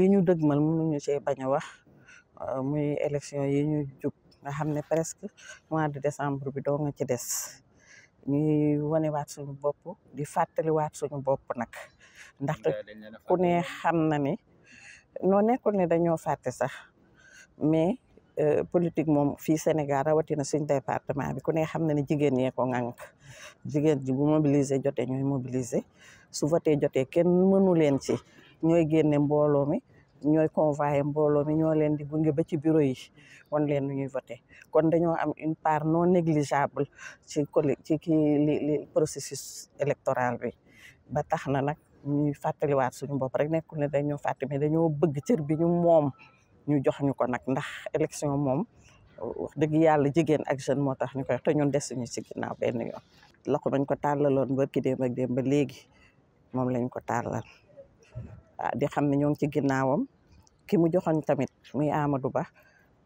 yi ñu dëgmal mënuñu cee bañ a wax euh, muy élection yi ñu jub nga xam ne presque mois de décembre bi doo nga ci des ñuy waat suñu bopp di fàttaliwaat suñu bopp nag ndaxte ku ne xam na ni noo nekkul ne dañoo fàtte sax mais euh, politique moom fii Sénégal rawatina suñ département bi ku ne xam na ne jigéen ñee ko ŋànk jigéen ji bu mobiliser jotee ñooy mobiliser su voté jotee kenn mënu leen ci ñooy génne mbooloo mi ñooy convoyé mbooloo mi ñoo leen di gunge ba ci bureau yi wan leen nu ñuy voté kon dañoo am une part non négligeable ci coli ci kii li processus électoral bi ba tax na nag ñuy fàttaliwaat suñu bopp rek nekkul ne dañoo fàtte mais dañoo bëgg cër bi ñu moom ñu jox ñu ko nag ndax élection moom wax dëgg yàlla jigéen ak jeune moo tax ñu koy te ñun desuñu ci ginnaaw benn yoon loxo bañ ko tàllaloon barki démb ak démb ba léegi moom lañ ko tàllal di xam ne ñoo ngi ci ginnaawam ki mu joxoon tamit muy Amadou Ba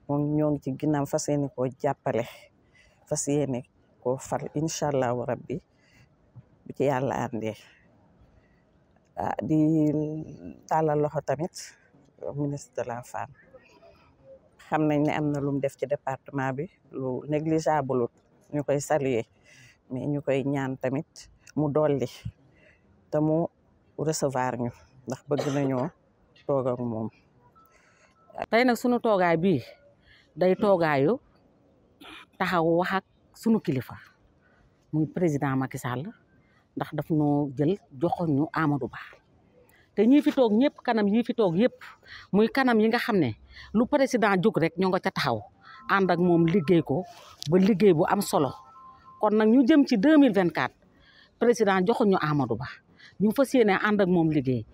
moom ñoo ngi ci ginnaaw fas yéene koo jàppale fas yéene koo far incha allahu rabbi bu ci yàlla àndee ah, di tàllal loxo tamit ministre de xam nañ ne am na lum def ci departement bi lu négligeable ñu koy saluer mais ñu koy ñaan tamit mu dolli te mu recevoir ñu ndax bëgg nañoo toog ak moom. tey nag sunu toogaay bii day toogaayu taxaw wax sunu kilifa muy président Macky Sall ndax daf noo jël joxoon ñu Amadou Ba te ñii fi toog ñëpp kanam yii fi toog yëpp muy kanam yi nga xam ne lu président jóg rek ñoo nga ca taxaw ànd ak moom liggéey ko ba liggéey bu am solo kon nag ñu jëm ci deux mille vingt quatre président joxoon ñu Amadou Ba ñu fa yéene ànd ak moom liggéey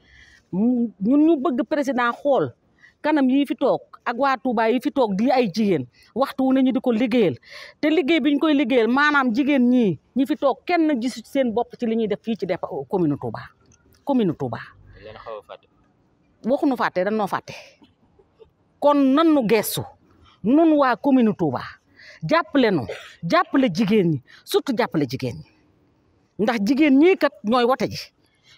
ñun ñu bëgg président xool kanam yi fi toog ak waa Touba yi fi toog di ay jigéen waxtu wu ne ñu di ko liggéeyal te liggéey bi ñu koy liggéeyal maanaam jigéen ñii ñi fi toog kenn gisu seen bopp ci li ñuy def fii ci dépa commune Touba commune Touba. waxuñu fàtte danoo fàtte kon nan nu gestu nun waa commune Touba jàppale nu jàppale jigéen ñi surtout jàppale jigéen ñi ndax jigéen ñii kat ñooy wote ji.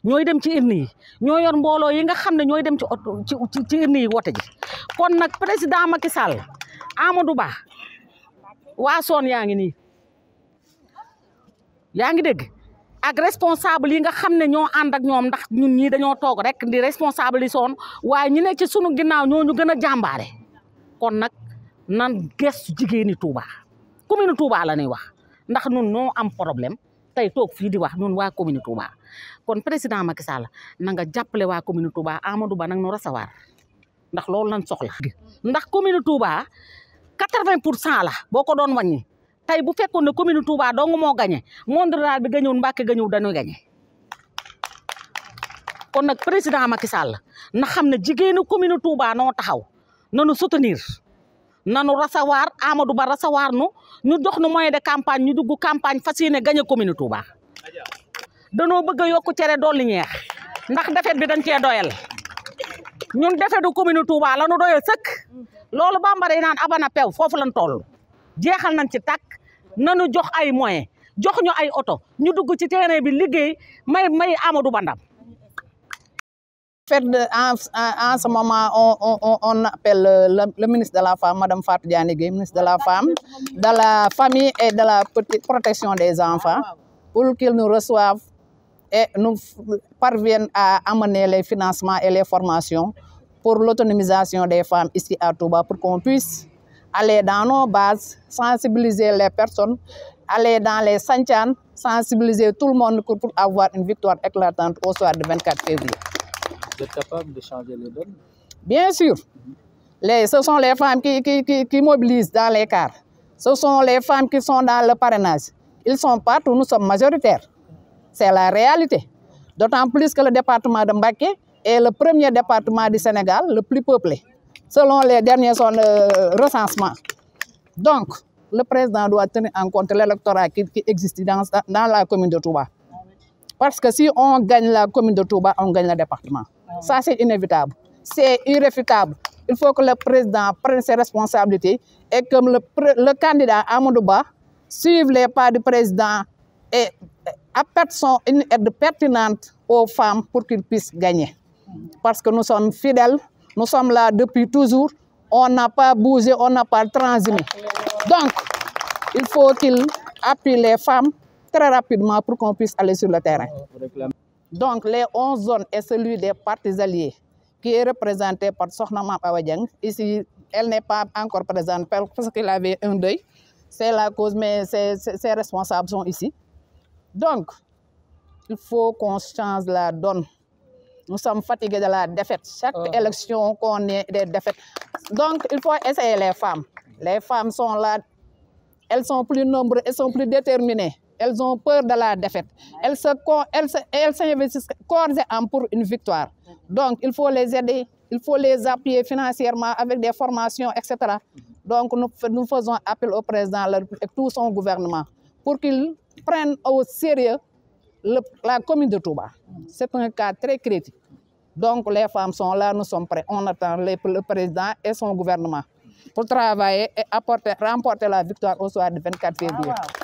ñooy dem ci urne yi ñoo yor mbooloo yi nga xam ne ñooy dem ci oto ci ci urne yi wote ji kon nag président Macky Sall du Ba waa soon yaa ngi nii yaa ngi dégg ak responsable yi nga xam ne ñoo ànd ak ñoom ndax ñun ñii dañoo toog rek di responsable yi soon waa ñi ne ci sunu ginnaaw ñoo ñu gën a jàmbaare kon nag nan gestu jigéeni Touba commune Touba la ñuy wax ndax ñun noo am problème tey toog fii di wax ñun waa commune Touba kon président Macky Sall na nga jàppale waa commune Touba Amadou Ba nag nu recevoir ndax loolu lañ soxla. ndax commune Touba 80 pour cent la boo ko doon wàññi tey bu fekkoon ne commune Touba dong moo gagné monde rural bi gañëwul Mbàkke gañëw dañuy gagné. kon nag président Macky Sall na xam ne jigéenu commune Touba noo taxaw nanu soutenir. nanu recevoir Amadou Ba recevoir nu ñu dox nu moyen de campagne ñu dugg campagne fas yéene gañe commune Touba danoo bëgg a yokk cere dolli ñeex ndax defet bi dañ cee doyal ñun defetu commune Touba la nu doyal sëkk loolu bambara yi naan abana pew foofu lañ toll jeexal nañ ci takk nanu jox ay moyen jox ñu ay oto ñu dugg ci terrain bi liggéey may may Amadou Ba ndam fait en, en, ce moment, on, on, on appelle le, le, ministre de la Femme, Mme Fatou Dianigui, ministre de la Femme, de la Famille et de la Protection des Enfants, ah, pour qu'ils nous reçoivent et nous parviennent à amener les financements et les formations pour l'autonomisation des femmes ici à Touba, pour qu'on puisse aller dans nos bases, sensibiliser les personnes, aller dans les Santian, sensibiliser tout le monde pour avoir une victoire éclatante au soir du février. Vous êtes les donnes Bien sûr. Mm-hmm. Les, ce sont les femmes qui, mobilisent dans les cars. Ce sont les femmes qui sont dans le parrainage. Ils sont partout, nous sommes majoritaires. C'est la réalité. D'autant plus que le département de Mbaké et le premier département de Sénégal le plus peuplé, selon les derniers son, euh, Donc, le président doit tenir en compte l'électorat qui, qui, existe dans, la commune de Touba. Parce que si on gagne la commune de Touba, on gagne le département. Ça, c'est inévitable. C'est irréfutable. Il faut que le président prenne ses responsabilités et que le, le candidat Amadouba suive les pas du président et apporte son, une aide pertinente aux femmes pour qu'ils puissent gagner. Parce que nous sommes fidèles, nous sommes là depuis toujours, on n'a pas bougé, on n'a pas transimé. Donc, il faut qu'il appuie les femmes très rapidement pour qu'on puisse aller sur le terrain. Donc, les 11 zones et celui des partis alliés, qui est représenté par Sohnamam Awadjang. Ici, elle n'est pas encore présente parce qu'elle avait un deuil. C'est la cause, mais ses, ses responsables sont ici. Donc, il faut qu'on change la donne. Nous sommes fatigués de la défaite. Chaque ah. élection qu'on est des défaites. Donc, il faut essayer les femmes. Les femmes sont là, elles sont plus nombreuses, elles sont plus déterminées. Elles ont peur de la défaite. Elles s'investissent corps et âme pour une victoire. Donc, il faut les aider, il faut les appuyer financièrement avec des formations, etc. Mm-hmm. Donc, nous, nous faisons appel au président et tout son gouvernement pour qu'il prenne au sérieux le, la commune de Touba. Mm-hmm. C'est un cas très critique. Donc, les femmes sont là, nous sommes prêts. On attend le, le président et son gouvernement pour travailler et apporter, remporter la victoire au soir du 24 février. Ah, wow.